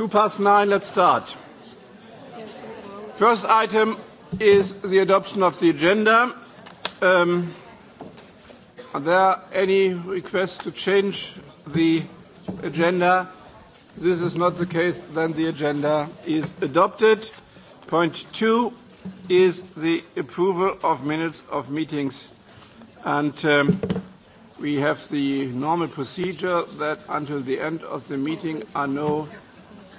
Two past nine, let's start. First item is the adoption of the agenda. Um, are there any requests to change the agenda? This is not the case, then the agenda is adopted. Point two is the approval of minutes of meetings. And um, we have the normal procedure that until the end of the meeting are no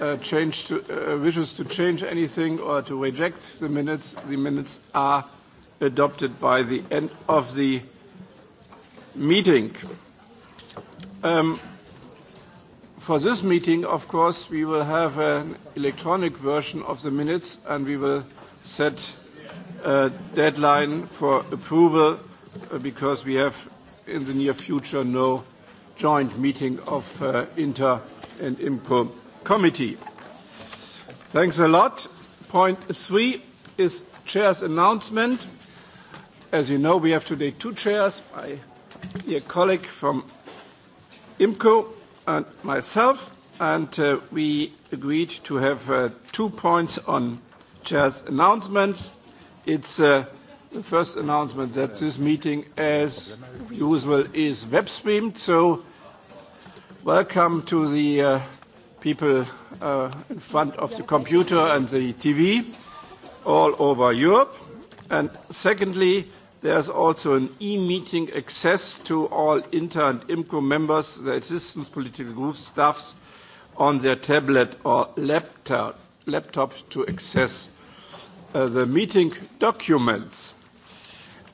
uh, change to, uh, wishes to change anything or to reject the minutes, the minutes are adopted by the end of the meeting. Um, for this meeting, of course, we will have an electronic version of the minutes and we will set a deadline for approval uh, because we have in the near future no joint meeting of uh, Inter and IMCO Committee. Thanks a lot. Point three is chair's announcement. As you know, we have today two chairs, my dear colleague from IMCO and myself, and uh, we agreed to have uh, two points on chair's announcements. It's uh, the first announcement that this meeting, as usual, is web streamed, so welcome to the uh, people uh, in front of the computer and the TV all over Europe. And secondly, there's also an e-meeting access to all Inter and IMCO members, the assistance political group staffs, on their tablet or laptop, laptop to access uh, the meeting documents.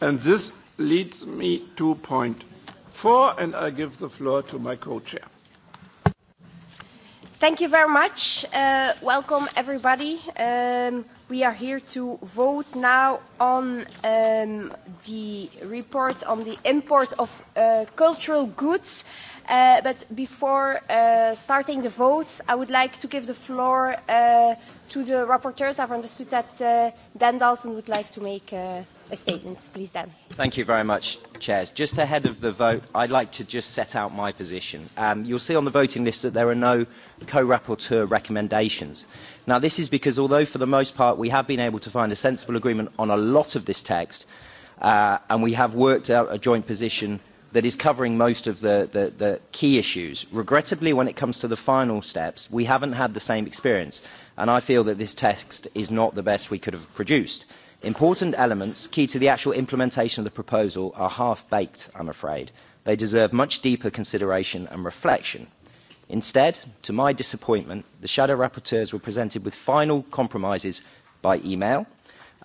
And this leads me to point four, and I give the floor to my co-chair. Thank you very much. Uh, welcome, everybody. Um, we are here to vote now on um, the report on the import of uh, cultural goods. Uh, Uh, but before uh, starting the votes, I would like to give the floor uh, to the rapporteurs. I've understood that uh, Dan Dalton would like to make uh, a statement. Please, Dan. Thank you very much, Chairs. Just ahead of the vote, I'd like to just set out my position. Um, you'll see on the voting list that there are no co-rapporteur recommendations. Now, this is because although for the most part we have been able to find a sensible agreement on a lot of this text, uh, and we have worked out a joint position – that is covering most of the, the, the key issues. Regrettably, when it comes to the final steps, we haven't had the same experience, and I feel that this text is not the best we could have produced. Important elements key to the actual implementation of the proposal are half-baked, I'm afraid. They deserve much deeper consideration and reflection. Instead, to my disappointment, the shadow rapporteurs were presented with final compromises by email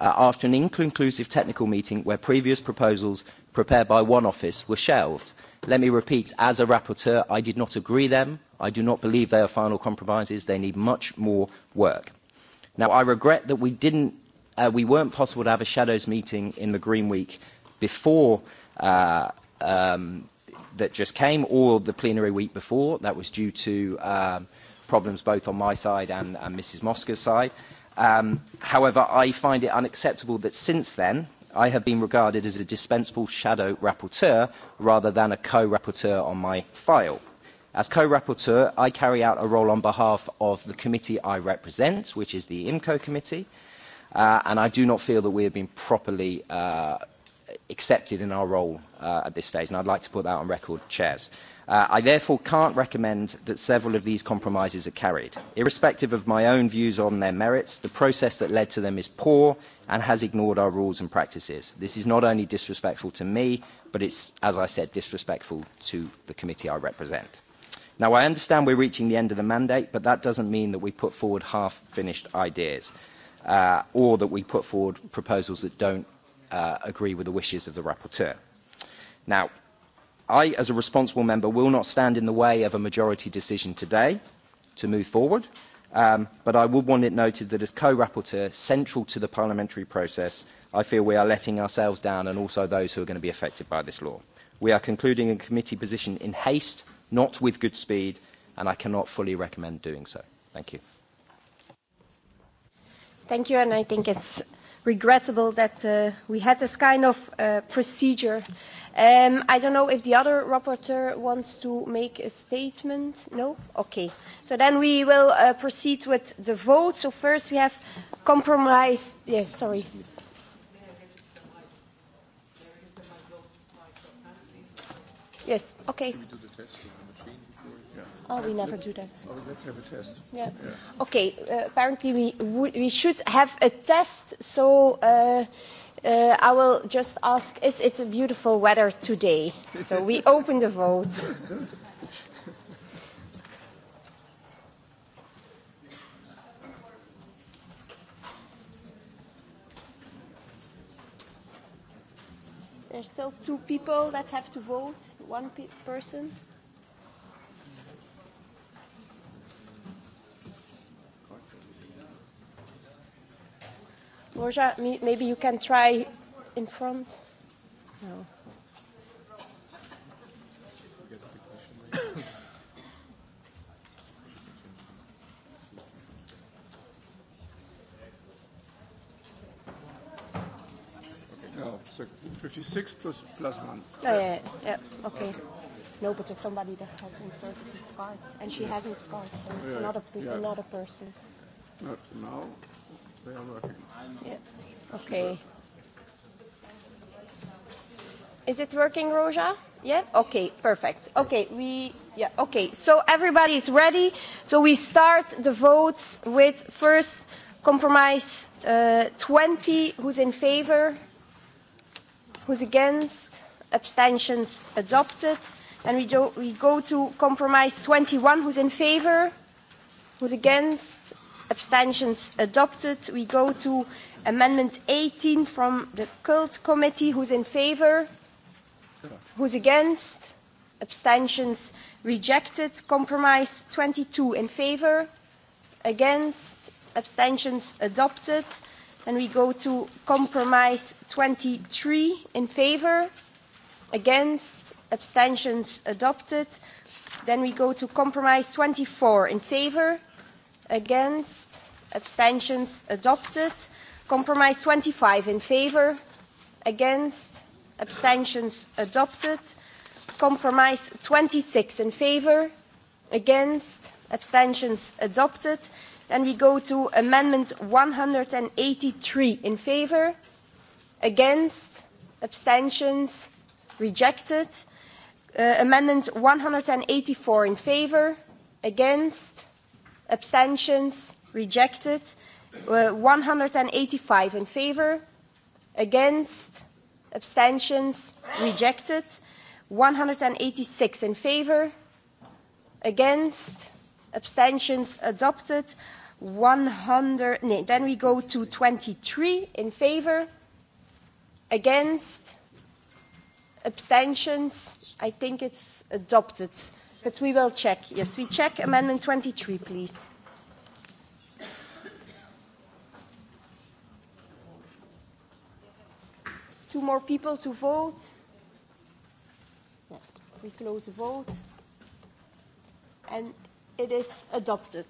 uh, after an inconclusive technical meeting where previous proposals prepared by one office were shelved. Let me repeat, as a rapporteur, I did not agree them. I do not believe they are final compromises. They need much more work. Now, I regret that we didn't, uh, we weren't possible to have a shadows meeting in the Green Week before uh, um, that just came, or the plenary week before. That was due to um, problems both on my side and, and Mrs. Mosca's side. Um, however, I find it unacceptable that since then, I have been regarded as a dispensable shadow rapporteur rather than a co-rapporteur on my file. As co-rapporteur, I carry out a role on behalf of the committee I represent, which is the IMCO committee, uh, and I do not feel that we have been properly uh, accepted in our role uh, at this stage, and I'd like to put that on record, chairs. Uh, Uh, I therefore can't recommend that several of these compromises are carried. Irrespective of my own views on their merits, the process that led to them is poor and has ignored our rules and practices. This is not only disrespectful to me, but it's, as I said, disrespectful to the committee I represent. Now, I understand we're reaching the end of the mandate, but that doesn't mean that we put forward half-finished ideas uh, or that we put forward proposals that don't uh, agree with the wishes of the rapporteur. Now, I, as a responsible member, will not stand in the way of a majority decision today to move forward, um, but I would want it noted that as co-rapporteur, central to the parliamentary process, I feel we are letting ourselves down and also those who are going to be affected by this law. We are concluding a committee position in haste, not with good speed, and I cannot fully recommend doing so. Thank you. Thank you, and I think it's regrettable that uh, we had this kind of uh, procedure uh, Um, I don't know if the other rapporteur wants to make a statement. No? Okay. So then we will uh, proceed with the vote. So first we have compromise. Yes, yeah, sorry. Yes, okay. Should we do the test between? Yeah. Oh, we never let's, do that. Oh, let's have a test. Yeah. yeah. Okay, uh, apparently we, we should have a test, so... Uh, Uh, I will just ask, it's, it's a beautiful weather today, so we open the vote. There's still two people that have to vote, one pe person. Borja, maybe you can try in front. No. No, so 56 plus, plus 1. Oh, yeah, yeah, okay. No, because somebody that has inserted his card, and she hasn't card, so it's yeah, not, a, yeah. not a person. Not now. They are working. Yeah. Okay. Is it working, Roja? Yeah? Okay, perfect. Okay, we, yeah, okay. So everybody's ready. So we start the votes with first compromise uh, 20. Who's in favor? Who's against? Abstentions adopted. And we, do, we go to compromise 21. Who's in favor? Who's against? abstentions adopted. We go to amendment 18 from the cult committee. Who's in favor? Who's against? Abstentions rejected. Compromise 22 in favor? Against? Abstentions adopted. And we go to compromise 23 in favor? Against? Abstentions adopted. Then we go to compromise 24 in favor? against, abstentions adopted. Compromise 25 in favor, against, abstentions adopted. Compromise 26 in favor, against, abstentions adopted. Then we go to Amendment 183 in favor, against, abstentions rejected. Uh, amendment 184 in favor, against, abstentions rejected uh, 185 in favor against abstentions rejected 186 in favor against abstentions adopted 100 no, then we go to 23 in favor against abstentions i think it's adopted But we will check. Yes, we check Amendment 23, please. Two more people to vote. We close the vote. And it is adopted.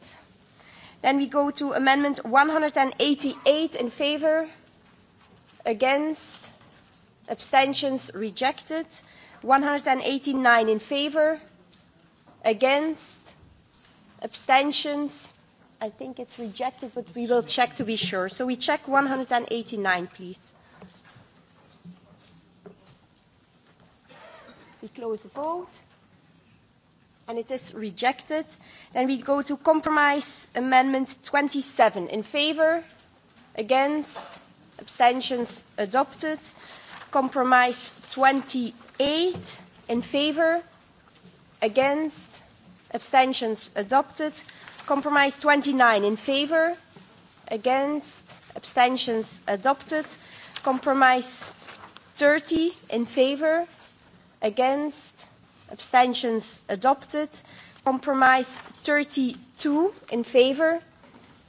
Then we go to Amendment 188 in favor, against, abstentions rejected. 189 in favor, Against? Abstentions? I think it's rejected, but we will check to be sure. So we check 189, please. We close the vote. And it is rejected. Then we go to compromise amendment 27. In favor? Against? Abstentions adopted. Compromise 28. In favor? against abstentions adopted compromise 29 in favor against abstentions adopted compromise 30 in favor against abstentions adopted compromise 32 in favor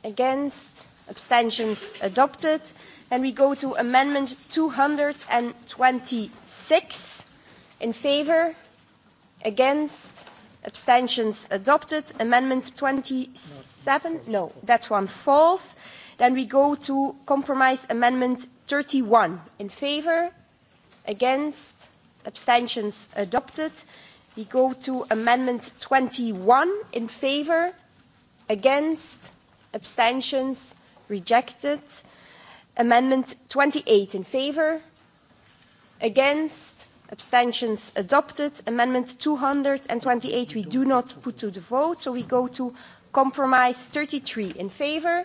against abstentions adopted and we go to amendment 226 in favor against abstentions adopted amendment 27 no that one falls then we go to compromise amendment 31 in favor against abstentions adopted we go to amendment 21 in favor against abstentions rejected amendment 28 in favor against abstentions adopted. Amendment 228 we do not put to the vote, so we go to compromise 33 in favor,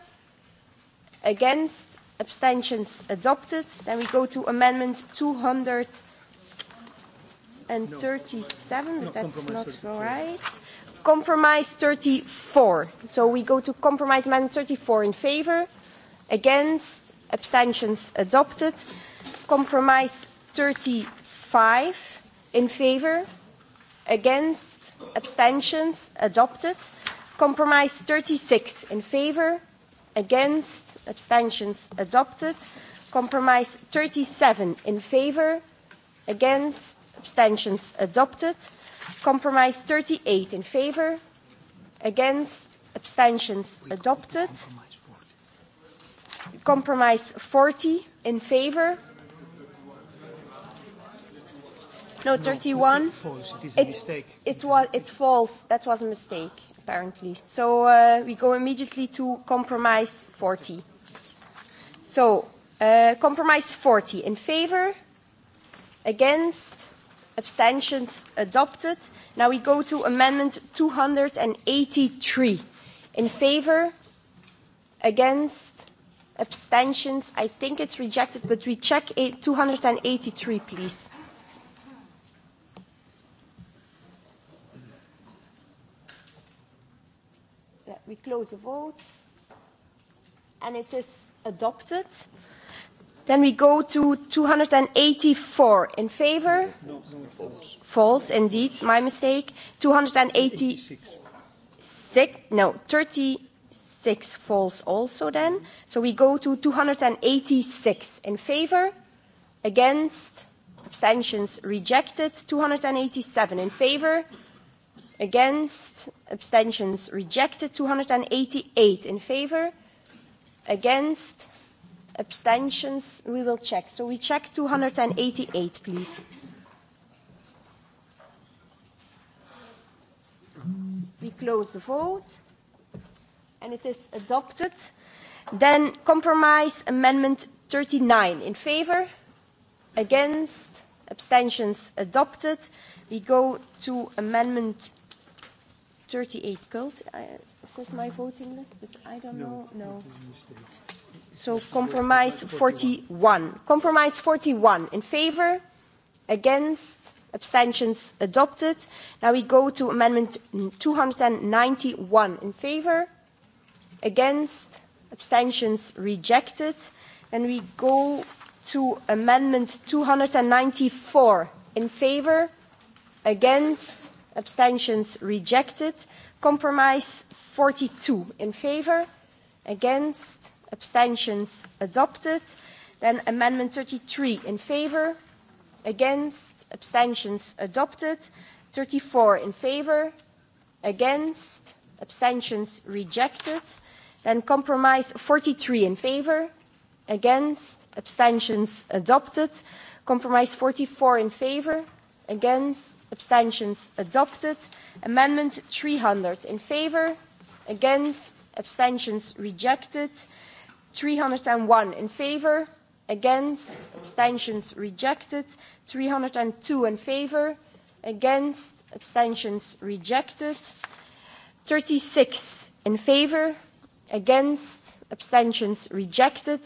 against, abstentions adopted. Then we go to amendment 237, no. but that's no, not right. Compromise 34. So we go to compromise amendment 34 in favor, against, abstentions adopted. Compromise 35 5 in favor, against, abstentions, adopted. Compromise 36 in favor, against, abstentions, adopted. Compromise 37 in favor, against, abstentions, adopted. Compromise 38 in favor, against, abstentions, adopted. Compromise 40 in favor, No, 31. No, false. It is a it, mistake. It was. It's false. That was a mistake, apparently. So uh, we go immediately to compromise 40. So uh, compromise 40 in favor, against, abstentions adopted. Now we go to amendment 283 in favor, against, abstentions. I think it's rejected, but we check 283, please. We close the vote. And it is adopted. Then we go to 284 in favor. No, no, false. false, indeed. My mistake. 286. Six, no, 36 false also then. So we go to 286 in favor. Against. Abstentions rejected. 287 in favor against abstentions rejected 288 in favor against abstentions we will check so we check 288 please we close the vote and it is adopted then compromise amendment 39 in favor against abstentions adopted we go to amendment 38 cult, uh, says my voting list, but I don't no, know. No. So compromise 41. Compromise 41 in favor, against, abstentions adopted. Now we go to amendment 291 in favor, against, abstentions rejected. Then we go to amendment 294 in favor, against, abstentions rejected. Compromise 42 in favor, against, abstentions adopted. Then amendment 33 in favor, against, abstentions adopted. 34 in favor, against, abstentions rejected. Then compromise 43 in favor, against, abstentions adopted. Compromise 44 in favor, against, abstentions adopted. Amendment 300 in favour, against, abstentions rejected. 301 in favour, against, abstentions rejected. 302 in favour, against, abstentions rejected. 36 in favour, against, abstentions rejected.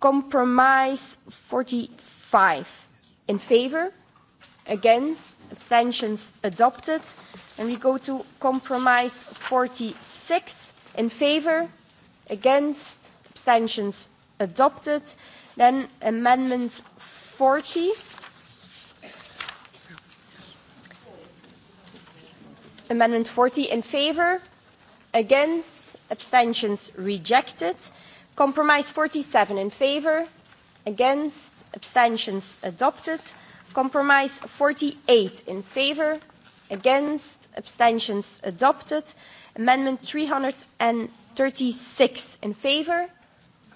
Compromise 45 in favour, against abstentions adopted and we go to compromise 46 in favor against abstentions adopted then amendment 40 amendment 40 in favor against abstentions rejected compromise 47 in favor against abstentions adopted Compromise 48 in favour, against, abstentions adopted. Amendment 336 in favour,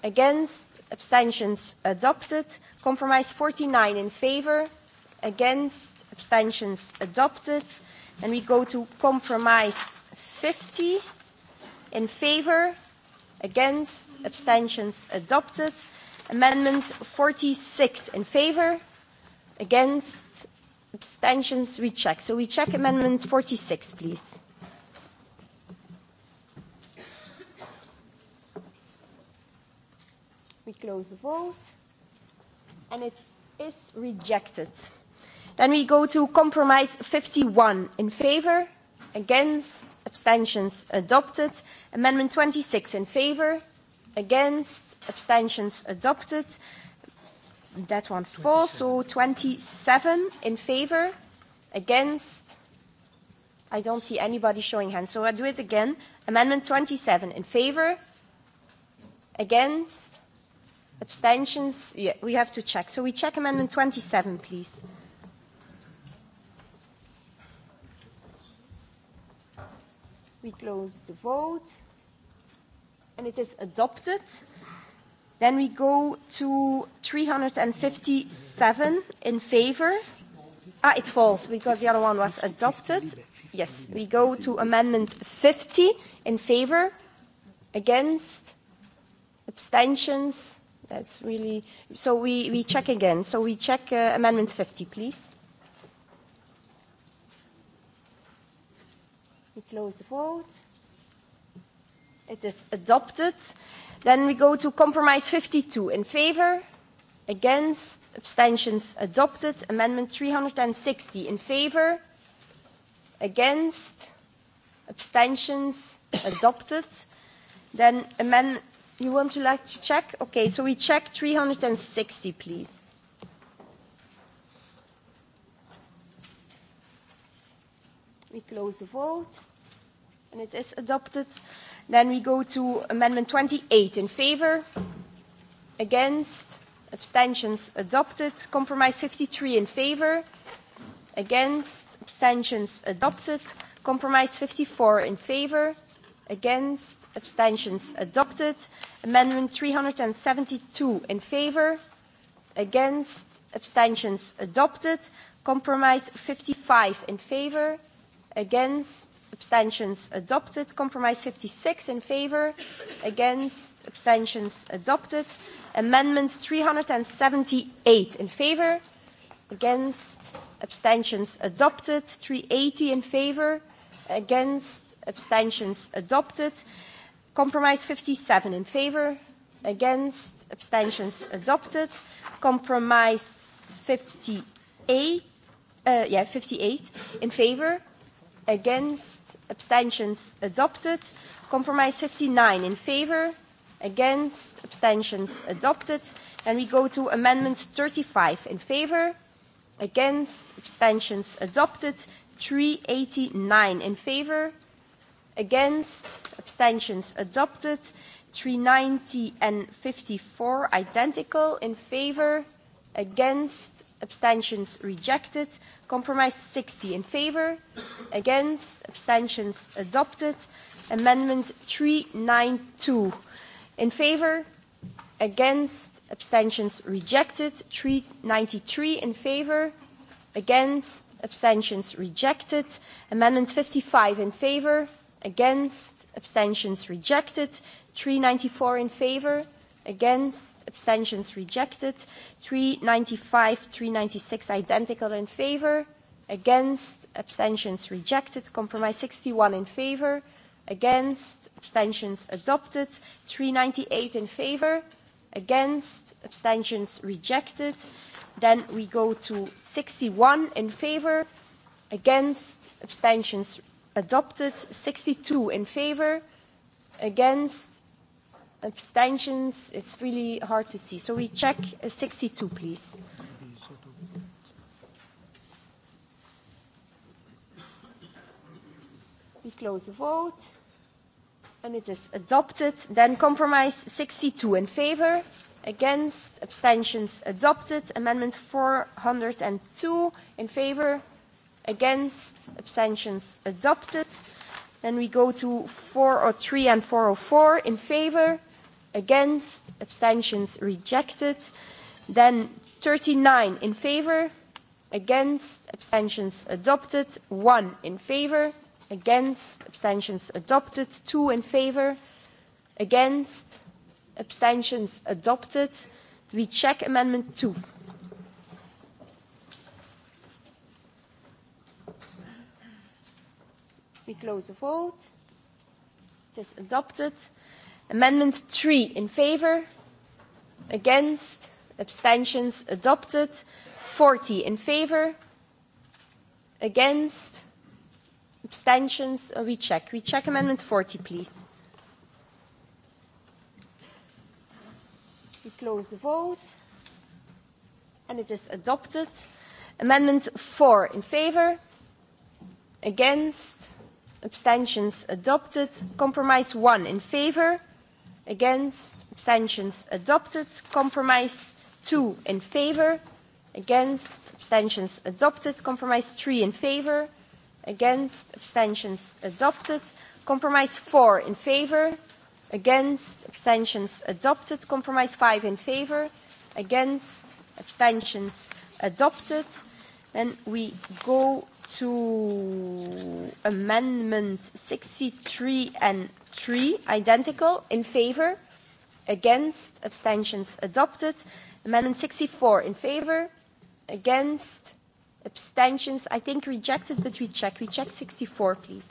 against, abstentions adopted. Compromise 49 in favour, against, abstentions adopted. And we go to compromise 50 in favour, against, abstentions adopted. Amendment 46 in favour, Against? Abstentions? We check. So we check Amendment 46, please. We close the vote. And it is rejected. Then we go to compromise 51. In favor? Against? Abstentions? Adopted. Amendment 26 in favor? Against? Abstentions? Adopted. That one falls. So 27 in favor, against. I don't see anybody showing hands. So I do it again. Amendment 27 in favor, against, abstentions. Yeah, we have to check. So we check Amendment 27, please. We close the vote. And it is adopted. Then we go to 357 in favor. Ah, it falls because the other one was adopted. Yes, we go to amendment 50 in favor, against, abstentions. That's really, so we, we check again. So we check uh, amendment 50, please. We close the vote. It is adopted. Uh, Then we go to compromise 52 in favor, against, abstentions adopted. Amendment 360 in favor, against, abstentions adopted. Then amend, you want to like to check? Okay, so we check 360 please. We close the vote and it is adopted. Then we go to Amendment 28 in favor, against, abstentions adopted. Compromise 53 in favor, against, abstentions adopted. Compromise 54 in favor, against, abstentions adopted. Amendment 372 in favor, against, abstentions adopted. Compromise 55 in favor, against, abstentions adopted. Compromise 56 in favor, against, abstentions adopted. Amendment 378 in favor, against, abstentions adopted. 380 in favor, against, abstentions adopted. Compromise 57 in favor, against, abstentions adopted. Compromise 58, uh, yeah, 58 in favor, against, abstentions adopted. Compromise 59 in favor, against, abstentions adopted. And we go to amendment 35 in favor, against, abstentions adopted. 389 in favor, against, abstentions adopted. 390 and 54 identical in favor, against, abstentions rejected. Compromise 60 in favor, against, abstentions adopted. Amendment 392 in favor, against, abstentions rejected. 393 in favor, against, abstentions rejected. Amendment 55 in favor, against, abstentions rejected. 394 in favor, against, abstentions rejected. 395, 396 identical in favor, against, abstentions rejected. Compromise 61 in favor, against, abstentions adopted. 398 in favor, against, abstentions rejected. Then we go to 61 in favor, against, abstentions adopted. 62 in favor, against, Abstentions? It's really hard to see. So we check 62, uh, please. We close the vote, and it is adopted. Then compromise 62 in favor, against, abstentions adopted. Amendment 402 in favor, against, abstentions adopted. Then we go to 403 and 404 in favor, against, abstentions rejected. Then 39 in favor, against, abstentions adopted. 1 in favor, against, abstentions adopted. 2 in favor, against, abstentions adopted. We check amendment 2. We close the vote. It is adopted. Amendment 3 in favour, against, abstentions adopted. 40 in favour, against, abstentions, oh, we check. We check Amendment 40, please. We close the vote and it is adopted. Amendment 4 in favour, against, abstentions adopted. Compromise 1 in favour, against, abstentions adopted. Compromise 2 in favor, against, abstentions adopted. Compromise 3 in favor, against, abstentions adopted. Compromise 4 in favor, against, abstentions adopted. Compromise 5 in favor, against, abstentions adopted. Then we go to amendment 63 and 3 identical in favor against abstentions adopted amendment 64 in favor against abstentions i think rejected but we check we check 64 please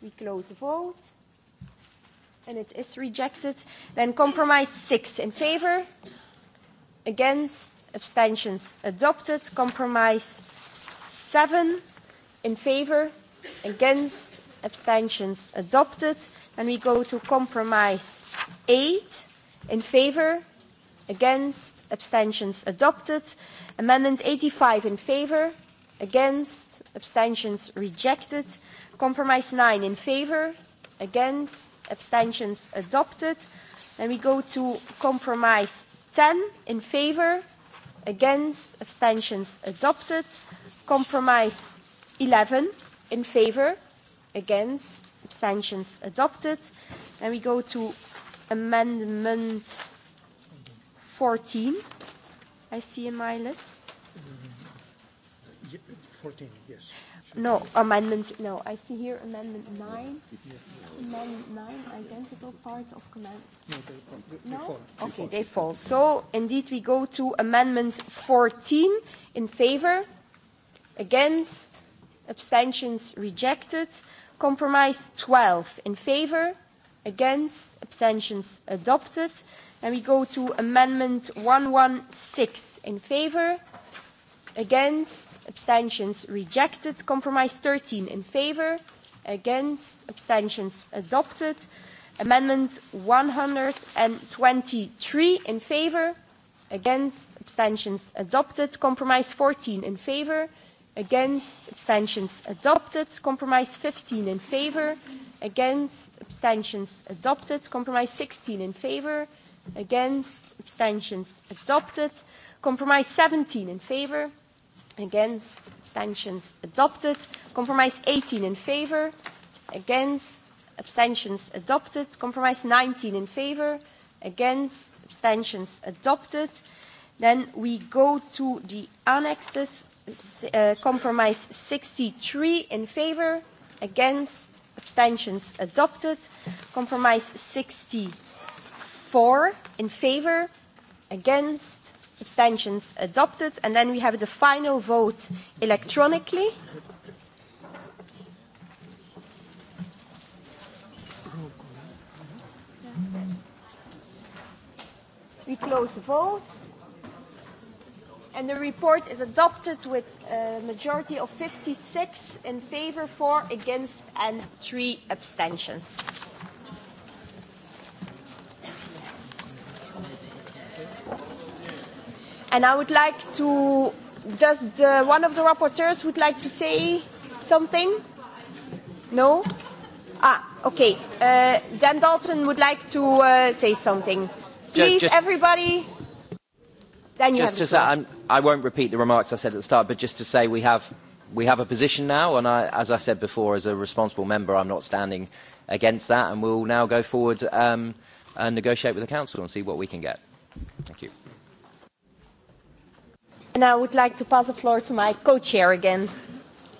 we close the vote and it is rejected then compromise 6 in favor against abstentions adopted compromise 7 in favour against abstentions adopted and we go to compromise 8 in favour against abstentions adopted amendment 85 in favour against abstentions rejected compromise 9 in favour against abstentions adopted and we go to compromise 10 in favour against abstentions adopted compromise 11 in favor, against, abstentions adopted. And we go to amendment 14, I see in my list. 14, yes. No, amendment, no, I see here amendment 9. Amendment 9, identical part of command. No, they, they, no? they fall. Okay, they fall. So, indeed, we go to amendment 14. In favor? Against? abstentions rejected. Compromise 12 in favour, against, abstentions adopted. And we go to amendment 116 in favour, against, abstentions rejected. Compromise 13 in favour, against, abstentions adopted. Amendment 123 in favour, against, abstentions adopted. Compromise 14 in favour, against, against abstentions adopted compromise 15 in favor against abstentions adopted compromise 16 in favor against abstentions adopted compromise 17 in favor against abstentions adopted compromise 18 in favor against abstentions adopted compromise 19 in favor against abstentions adopted then we go to the annexes uh, compromise 63 in favor, against, abstentions adopted. Compromise 64 in favor, against, abstentions adopted. And then we have the final vote electronically. We close the vote and the report is adopted with a majority of 56 in favor, 4 against and 3 abstentions. And I would like to, does the, one of the rapporteurs would like to say something? No? Ah, okay. Uh, Dan Dalton would like to uh, say something. Please, just, just, everybody. Dan, you just have the floor. as I'm, I won't repeat the remarks I said at the start, but just to say we have, we have a position now, and I, as I said before, as a responsible member, I'm not standing against that, and we'll now go forward um, and negotiate with the Council and see what we can get. Thank you. And I would like to pass the floor to my co-chair again.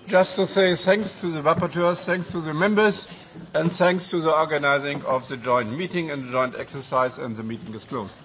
Just to say thanks to the rapporteurs, thanks to the members, and thanks to the organizing of the joint meeting and the joint exercise, and the meeting is closed.